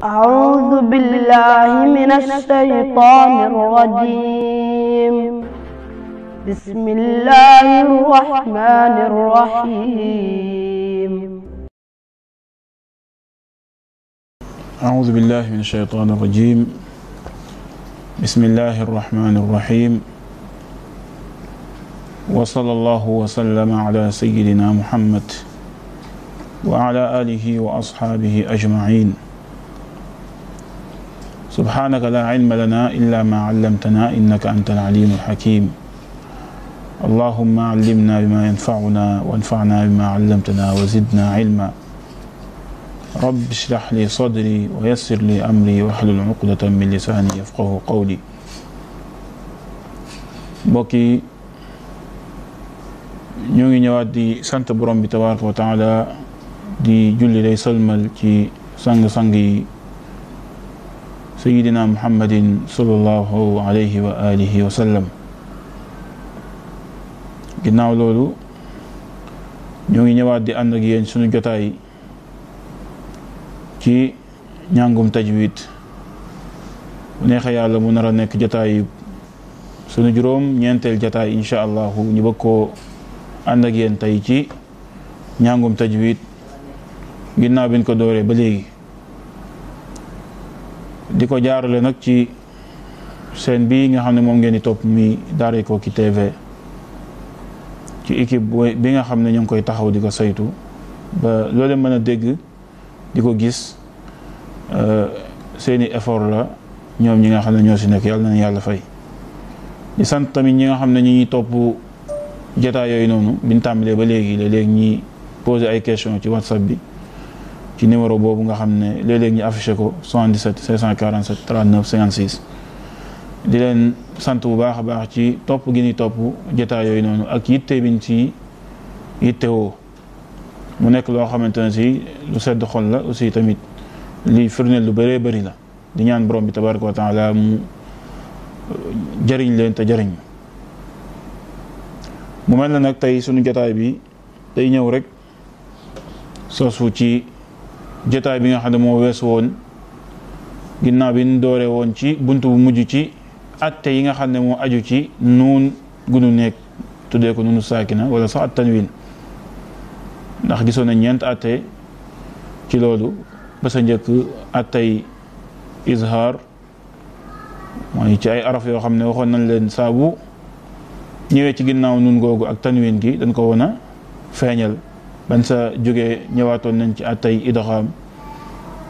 أعوذ بالله من الشيطان الرجيم بسم الله الرحمن الرحيم أعوذ بالله من الشيطان الرجيم بسم الله الرحمن الرحيم وصلى الله وسلم على سيدنا محمد وعلى آله وأصحابه أجمعين subhaanaka laa ilma lanaa illaa maa allamtanaa innaka anta al-aliimu al-hakiim allahumma allimnaa bimaa yanfa'unaa wanfa'naa bimaa allamtanaa wa zidnaa ilmaa rabbi shrah li sadri wa yassir li amri wahlul uqdatan min lisaani yafqahu qawli mbokk yi ñoo ngi ñëwaat di sant borom bi tabaaraka wa taala di julli day salmal ci sang-sang yi sayidina muhammadin sallallahu alayhi wa alihi wa sallam ginnaaw loolu ñoo ngi ñëwaat di ànd ak yéen suñu jotaay ci ñàngum tajwid bu neexee yàlla mu nar a nekk jotaay sunu juróom ñeenteel jotaay incha allahu ñu bëgg koo ànd ak yéen tey ci ñàngum tajwid ginnaaw biñ ko dooree ba léegi di ko jaarale nag ci seen bi nga xam ne moom ngeen di topp mi Daara Koki TV ci équipe bi nga xam ne ñu ngi koy taxaw di ko saytu ba loole mën a dégg di ko gis eh, seeni effort la ñoom ñi nga xam ne ñoo si nekk yàlla na yàlla fay di sant tamit ñi nga xam ne ñu ngi topp jotaay yooyu noonu biñ tàmbalee ba léegi léeg-léeg ñi posé ay question ci whatsapp bi ci numéro boobu nga xam ne léeg-léeg ñu affiché ko 77 547 39 56 di leen sant bu baax a baax ci topp gi ni topp jotaay yooyu noonu ak yitte biñ ci yittewoo mu nekk loo xamante ne si lu sedd xol la aussi tamit li firndeel lu baree bari la di ñaan borom bi tabaraka wa taala mu euh, jëriñ leen te jëriñ mu mel na nag tey sunu jotaay bi day ñëw rek sosu ci jotaay bi nga xam ne moo weesu woon ginnaaw bi ñu doore woon ci bunt bu mujj ci atte yi nga xam ne moo aju ci nuun gunu nekk tuddee ko nunu saakina wala sax at tanwin ndax gisoon na ñeent atte ci loolu ba sa njëkk attey izhaar mooy ci ay araf yoo xam ne waxoon nañ leen saabu ñëwee ci ginnaaw nun googu ak tanwin gi dañ ko woon a feeñal ban jógee ñëwaatoon nañ ci attay idoxaam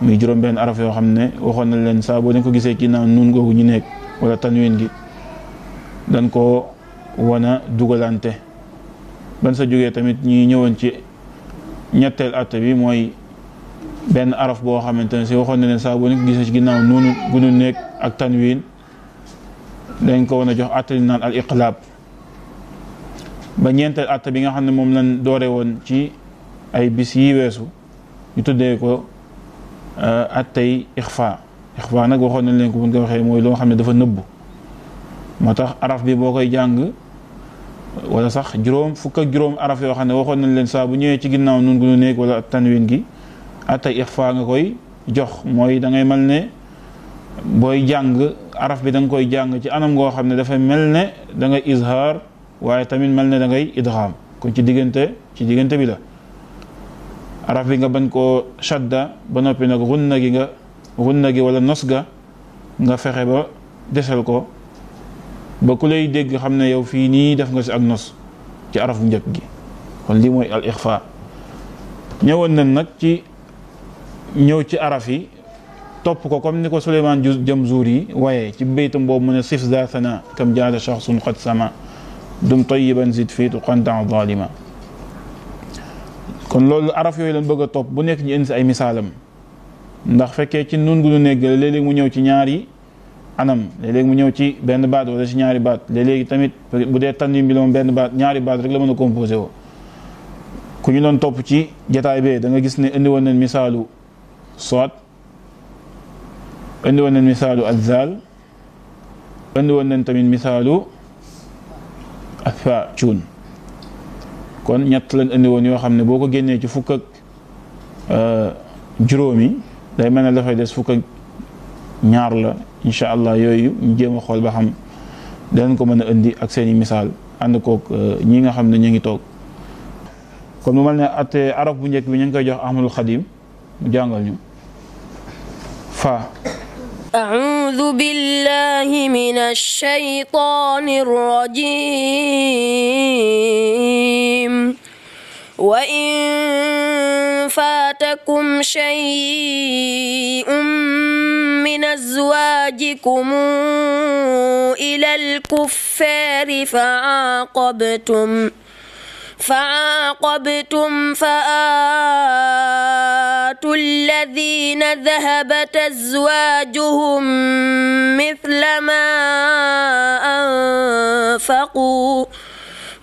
muy juróom-benn araf yoo xam ne waxoon nañ leen saa boo ko gisee ginnaaw nuun googu ñu nekk wala tanwin gi dañ koo wan a ban sa jógee tamit ñi ñëwoon ci ñetteel atte bi mooy benn araf boo xamante ne waxoon na leen saa boo dañ ko gisee ci ginnaaw nuunu gunu nekk ak tanwin dañ ko wan a jox attali naan ba ñeenteel atte nga xam ne moom lañ doore woon ay bis yi weesu ñu tuddee ko euh, at tey ixfa ixfa nag waxoon nañ leen ko buñ ko waxee mooy loo xam ne dafa nëbbu moo tax araf bi boo koy jàng wala sax juróom fukk juróom araf yoo xam ne waxoon nañ leen saa bu ñëwee ci ginnaaw nun gu nu nekk wala tanwin gi at tey ixfa nga koy jox mooy dangay ngay mel ne booy jàng araf bi danga koy jàng ci anam ngoo xam ne dafa mel ne dangay ngay izhaar waaye tamit mel ne dangay ngay kon ci diggante ci diggante bi la araf bi nga ban koo shadda ba noppi nag gunna gi nga gunna gi wala nos ga nga fexe ba desal ko ba ku lay dégg xam na yow fii nii def nga si ak nos ci araf bu gi kon lii mooy al ñëwoon nañ nag ci ñëw ci araf yi topp ko comme ni ko Suleymaan Jamzuuri waaye ci baytam boobu mu ne sif za sana kam jaada shaxsun qad sama dum tayiban zid fiitu qantan zalima kon loolu araf yooyu lañu bëgg a topp bu nekk ñu indi si ay misaalam ndax fekkee ci nun gu nu nekk léeg-léeg mu ñëw ci ñaari anam léeg-léeg mu ñëw ci benn baat wala ci ñaari baat léeg-léegi tamit bu dee tanwin bi la benn baat ñaari baat rek la mën a composé woo ku ñu doon topp ci jataay bee danga gis ne indi woon nañ misaalu soit indi woon nañ misaalu alzaal indi woon nañ tamit misaalu afa cuun kon ñett leen indi woon yoo xam ne boo ko génnee ci fukk euh, juróomi day mel ne dafay des fukk ñaar la incha allah yooyu ñu jéem a xool ba xam danañ ko mën a indi ak seeni misaal ànd kook euh, ñi nga xam ne ñu ngi toog kon mu mel ne at araf bu njëkk bi ñu ngi koy jox Ahmadul Xadim mu jàngal ñu fa أعوذ بالله من الشيطان الرجيم وإن فاتكم شيء من أزواجكم إلى الكفار فعاقبتم فعاقبتم فآتوا الذين ذهبت أزواجهم مثل ما أنفقوا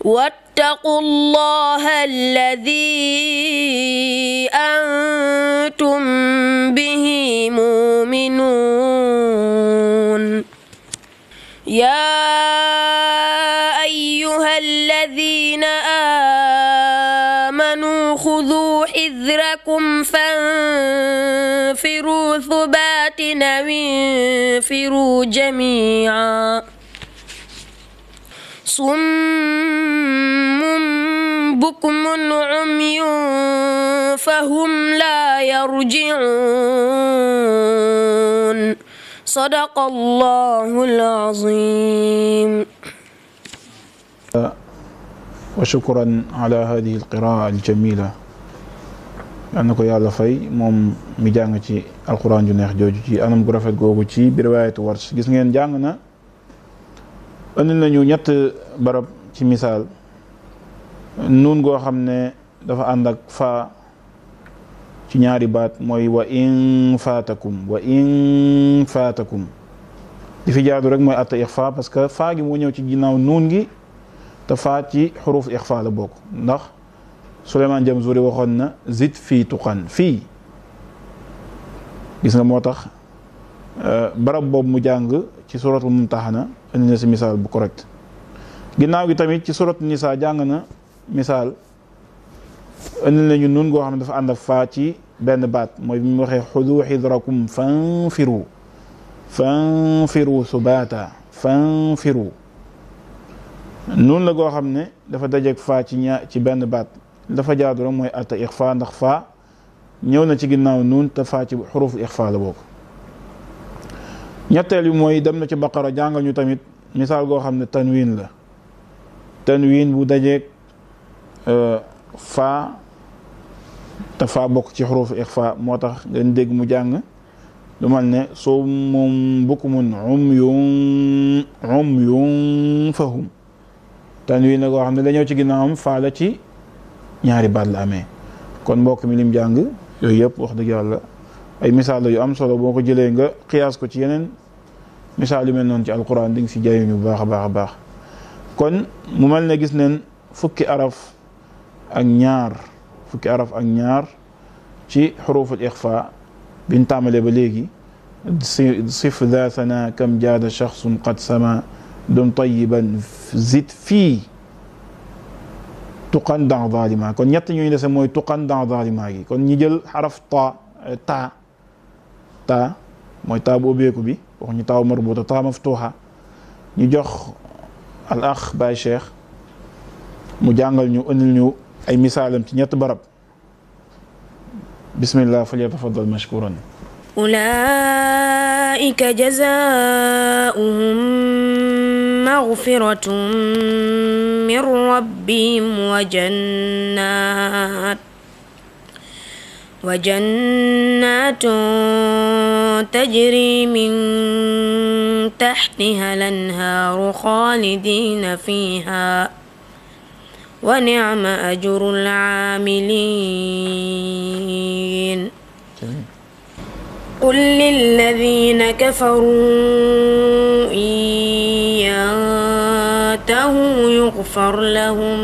واتقوا الله الذي أنتم به مؤمنون يا أيها الذين أو انفروا جميعا صم بكم عمي فهم لا يرجعون صدق الله العظيم وشكرا على هذه القراءة الجميلة am na ko yàlla fay moom mi jàng ci alquran ju neex jooju ci anam gu rafet googu ci riwaayatu war gis ngeen jàng na indi nañu ñett barab ci misaal nuun goo xam ne dafa ànd ak faa ci ñaari baat mooy wa in faatakum wa in faatakum di fi jaadu rek mooy atta ixfa parce que faa gi moo ñëw ci ginnaaw nuun gi te faa ci xuruf ixfa la bokk ndax Souleymane Jamzuri waxoon na zid fi tuqan fii gis nga moo tax euh, barab boobu mu jàng ci suratul mumtahana indi na si misaal bu correct ginnaaw gi tamit ci surat nisa jàng na misaal indi nañu nun goo xam ne dafa ànd ak faa ci benn baat mooy bi mu waxee xudu xidrakum fanfiru fanfiru subata fanfiru nun la goo xam ne dafa dajeeg faa ci ñaa ci benn baat dafa jaadu rek mooy atta ixfa ndax faa ñëw na ci ginnaaw nuun te faa ci xurufu ixfa la bokk ñetteel bi mooy dem na ci baqara jàngal ñu tamit misaal goo xam ne tanwin la tanwin bu dajeeg euh, faa te faa bokk ci xurufu ixfa moo tax ngeen dégg mu jàng lu mal ne summun bukmun umyun umyun fahum tanwin la goo xam ne dañoo ci ginnaawam faa la ci ñaari baat la amee kon mbokk mi lim jàng yooyu yëpp wax dëgg yàlla ay misaal la yu am solo boo ko jëlee nga xiyaas ko ci yeneen misaal yu mel noonu ci alquran di nga si jëriñu bu baax a baax a baax kon mu mel ne gis neen fukki araf ak ñaar fukki araf ak ñaar ci xuruful ixfa biñ tàmbalee ba léegi sif da sana kam jaada shaxsun qad sama dum tayiban zid fii tuqan dans zalima kon ñett ñuy dese mooy tuqan dans zalima gi kon ñi jël xaraf ta eh, ta ta mooy ta bu ubbeeku bi wax ñu taaw marbuta ta maftuha ñu jox al ax Baye Cheikh mu jàngal ñu indil ñu ay misaalam ci ñett barab bismillah falyatafaddal mashkuran أولئك جزاؤهم مغفرة من ربهم وجنات وجنات تجري من تحتها الأنهار خالدين فيها ونعم أجر العاملين قل للذين كفروا إن ينتهوا يغفر لهم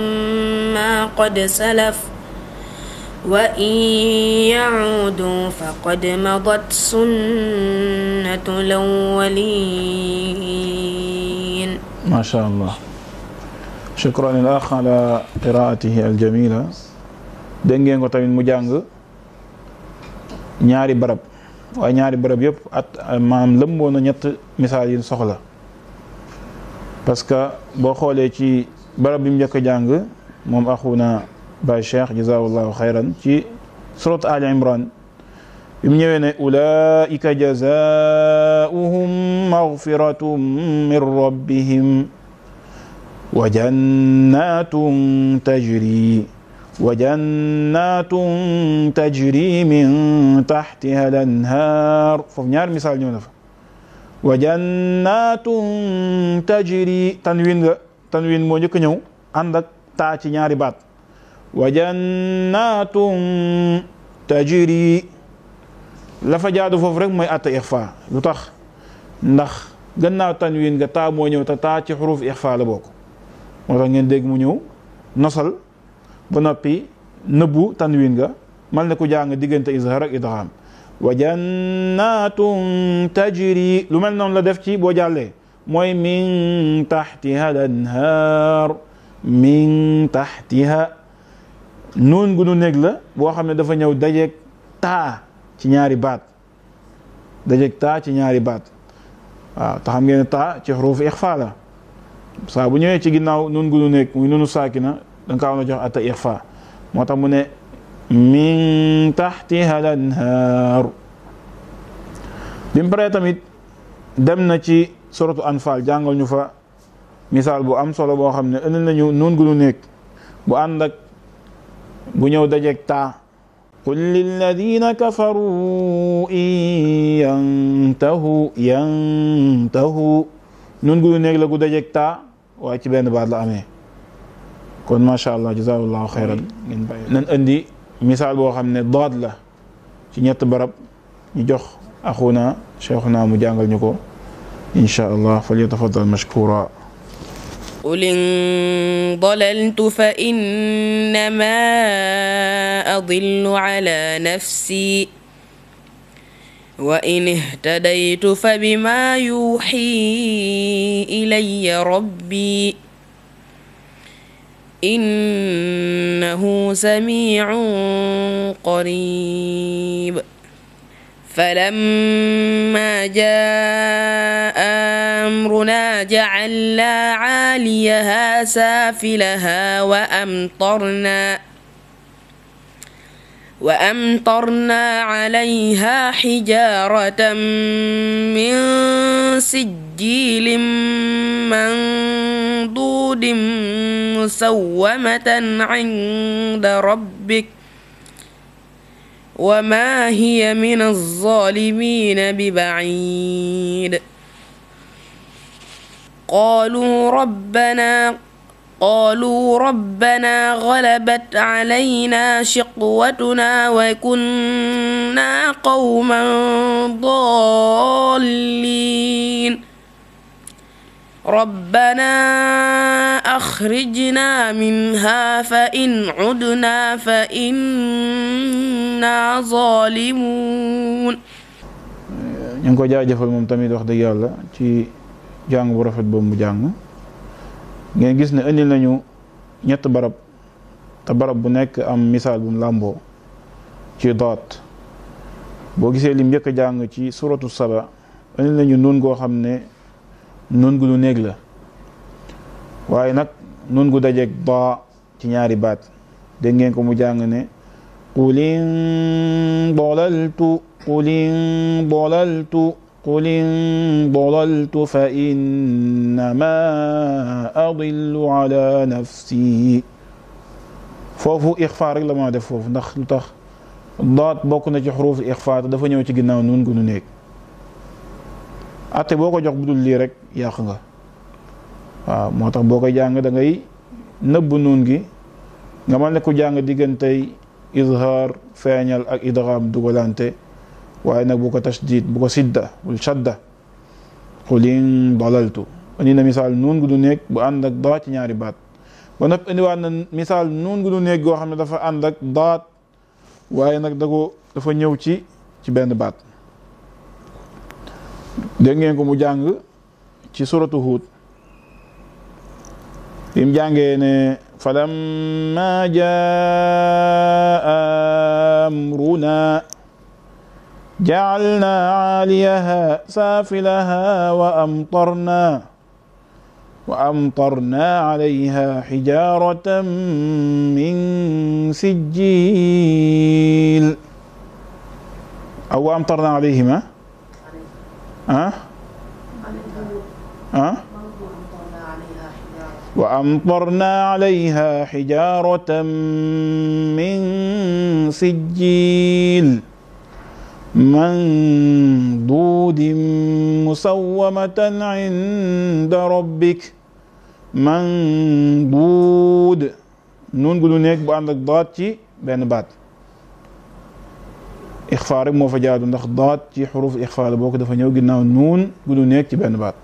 ما قد سلف وإن يعودوا فقد مضت سنة الأولين ما شاء الله شكرا الأخ على قراءته الجميلة dégg ngeen ko tamit mu jàng ñaari barab waaye ñaari bërëb yëpp at maanaam ñett misaal yi soxla parce que boo xoolee ci bërëb bi mu njëkk a jàng moom axuna Baay Cheikh jazaahullahu xayran ci surat al imran bi mu ñëwee ne ulaika jazaauhum magfiratum min rabbihim wa tajri wa jannatun tajri min taxtiha al anhaar foofu ñaar misaal ñëw na fa wa jannatun tajri tanwin la tanwin moo njëkk ñëw ànd ak taa ci ñaari baat wa jannatun tajri la fa jaadu foofu rek mooy atta ixfa lu tax ndax gannaaw tanwin ga taa moo ñëw ta taa xuruf ixfa la bokk moo ngeen dégg mu ñëw nosal ba noppi nëbbu tanwin nga mal ne ku jàng diggante izhar ak idgham wa jannatun tajri lu mel noonu la def ci boo jàllee mooy min taxtiha al anhaar min taxtiha nuun gu nu néeg la boo xam ne dafa ñëw dajeeg taa ci ñaari baat dajeeg taa ci ñaari baat waaw te xam ngeen taa ci xuruuf ixfa saa bu ñëwee ci ginnaaw nuun gu nu néeg muy nunu saakina da nga kaa waroon a jox atta moo tax mu ne min taxtiha lanhaar bi mu paree tamit dem na ci suratu anfal jàngal ñu fa misaal bu am solo boo xam ne ëndil nañu nuun gu nu nekk bu ànd ak bu ñëw dajeeg taa qul lilladina kafaru in yantahu yantahu nuun gu nu nekk la gu dajeeg taa waaye ci benn baat la amee kon macha allah jazakallahu xayran ngeen nan indi misaal boo xam ne daad la ci ñett barab ñu jox axuna cheikhuna mu jàngal ñu ko incha allah falyatafaddal mashkura قل إن ضللت فإنما أضل على نفسي وإن اهتديت فبما يوحي إلي ربي إنه سميع قريب فلما جاء أمرنا جعلنا عاليها سافلها وأمطرنا وأمطرنا عليها حجارة من سجيل منضود مسومة عند ربك وما هي من الظالمين ببعيد قالوا ربنا قالوا ربنا غلبت علينا شقوتنا وكنا قوما ضالين ربنا أخرجنا منها فإن عدنا فإنا ظالمون ñu ngi ko jaajëfal moom tamit wax dëgg yàlla ci jàng bu rafet boobu mu jàng ngeen gis ne indil nañu ñett barab te barab bu nekk am misaal bu mu làmboo ci daat boo gisee lim njëkk jàng ci suratu saba indil nañu nun goo xam ne nun gu lu néeg la waaye nag nun gu dajeeg daa ci ñaari baat dégg ngeen ko mu jàng ne qulin dalaltu qulin dalaltu qulin dalaltu fa adillu ala nafsi foofu ixfa rek la maa def foofu ndax lu tax daat bokk na ci xuruuf ixfa dafa ñëw ci ginnaaw nun gu nu néeg ate boo ko jox bu dul lii rek yàq nga waaw moo tax boo koy jàng dangay ngay nëbb nuun gi nga mën ne ku jàng diggantey izhaar feeñal ak idgham dugalante waaye nag bu ko tashdid bu ko sidda bul shadda qul in dalaltu indi na misaal nuun gu nekk bu ànd ak daa ci ñaari baat ba nopp indiwaat na misaal nuun gu goo xam ne dafa ànd ak waaye nag da dafa ñëw ci ci benn baat dégg ngeen ko mu jàng ci suratu Huud bi mu jàngee ne falamma jaa amruna ja'alna 'aliyaha safilaha wa amtarna wa amtarna 'alayha hijaratan min sijjil aw wa amtarna 'alayhima ah ah wa amtarna alayha hijaratan min sijjil mandudin musawwamatan inda rabbik mandud nun gu lu nekk bu ànd ak baat ci benn baat ixfaa rek moo fa jaar jaadu ndax daat ci xuruf ixfaa la boo ko dafa ñëw ginnaaw nuun gudu nekk ci benn baat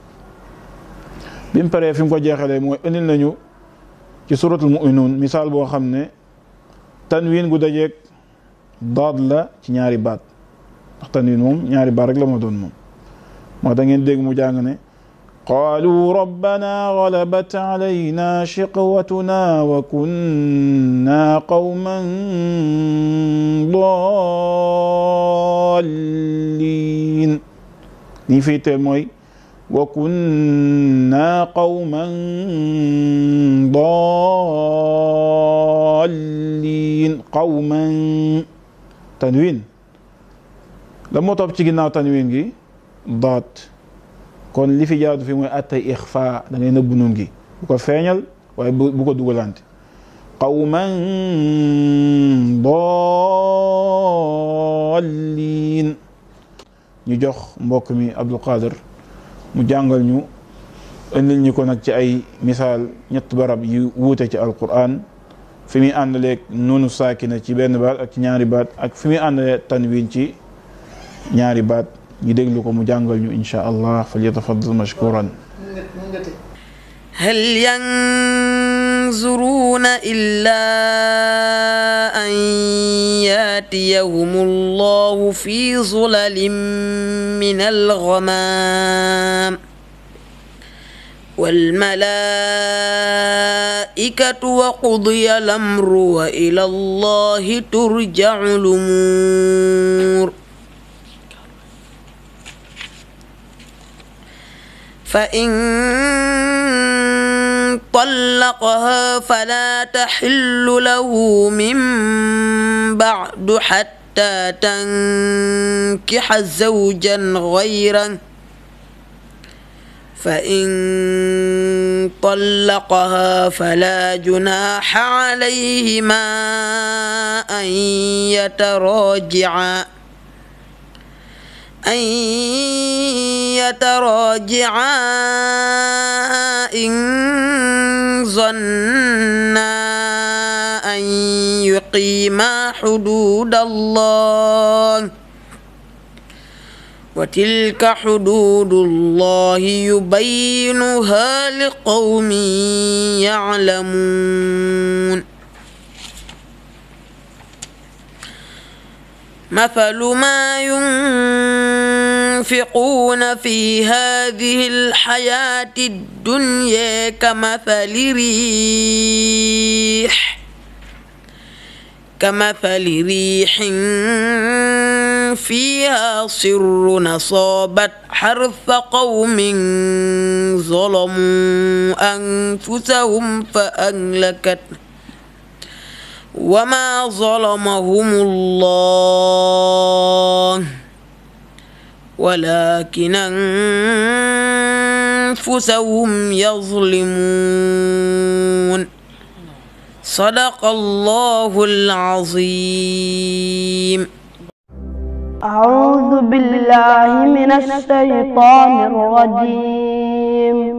bi mu paree fi mu ko jeexalee mooy indil nañu ci suratul muminuun misaal boo xam ne tanwiin gu dajeeg daat la ci ñaari baat ndax tanwin moom ñaari baat rek la moo doon moom moo tax ngeen dégg mu jàng ne قالوا ربنا غلبت علينا شقوتنا وكنا قوما ضالين li ñu fiy tee mooy وكنا قوما ضالين قوما tanwin la moo topp ci ginnaaw tanwin gi daat kon li fi jaadu fi mooy attay ixfa da ngay nëbb nun gi bu ko feeñal waaye bu ko dugalante qawman dallin ñu jox mbokk mi Abdul Qadir mu jàngal ñu indil ñu ko nag ci ay misaal ñett barab yu wuute ci alquran fi muy àndaleeg noonu saakina ci benn baat ak ci ñaari baat ak fi muy àndalee tanwin ci ñaari baat ñu déglu ko mu jàngal ñu insha allah falyatafaddal mashkuran هل ينظرون إلا أن يأتيهم الله في ظلل من الغمام والملائكة وقضي الأمر وإلى الله ترجع الأمور فإن طلقها فلا تحل له من بعد حتى تنكح زوجا غيره فإن طلقها فلا جناح عليهما أن يتراجعا أن يتراجعا إن ظنا أن يقيما حدود الله وتلك حدود الله يبينها لقوم يعلمون مثل ما ينفقون في هذه الحياة الدنيا كمثل ريح كمثل ريح فيها صر أصابت حرث قوم ظلموا أنفسهم فأهلكته وما ظلمهم الله ولكن أنفسهم يظلمون صدق الله العظيم أعوذ بالله من الشيطان الرجيم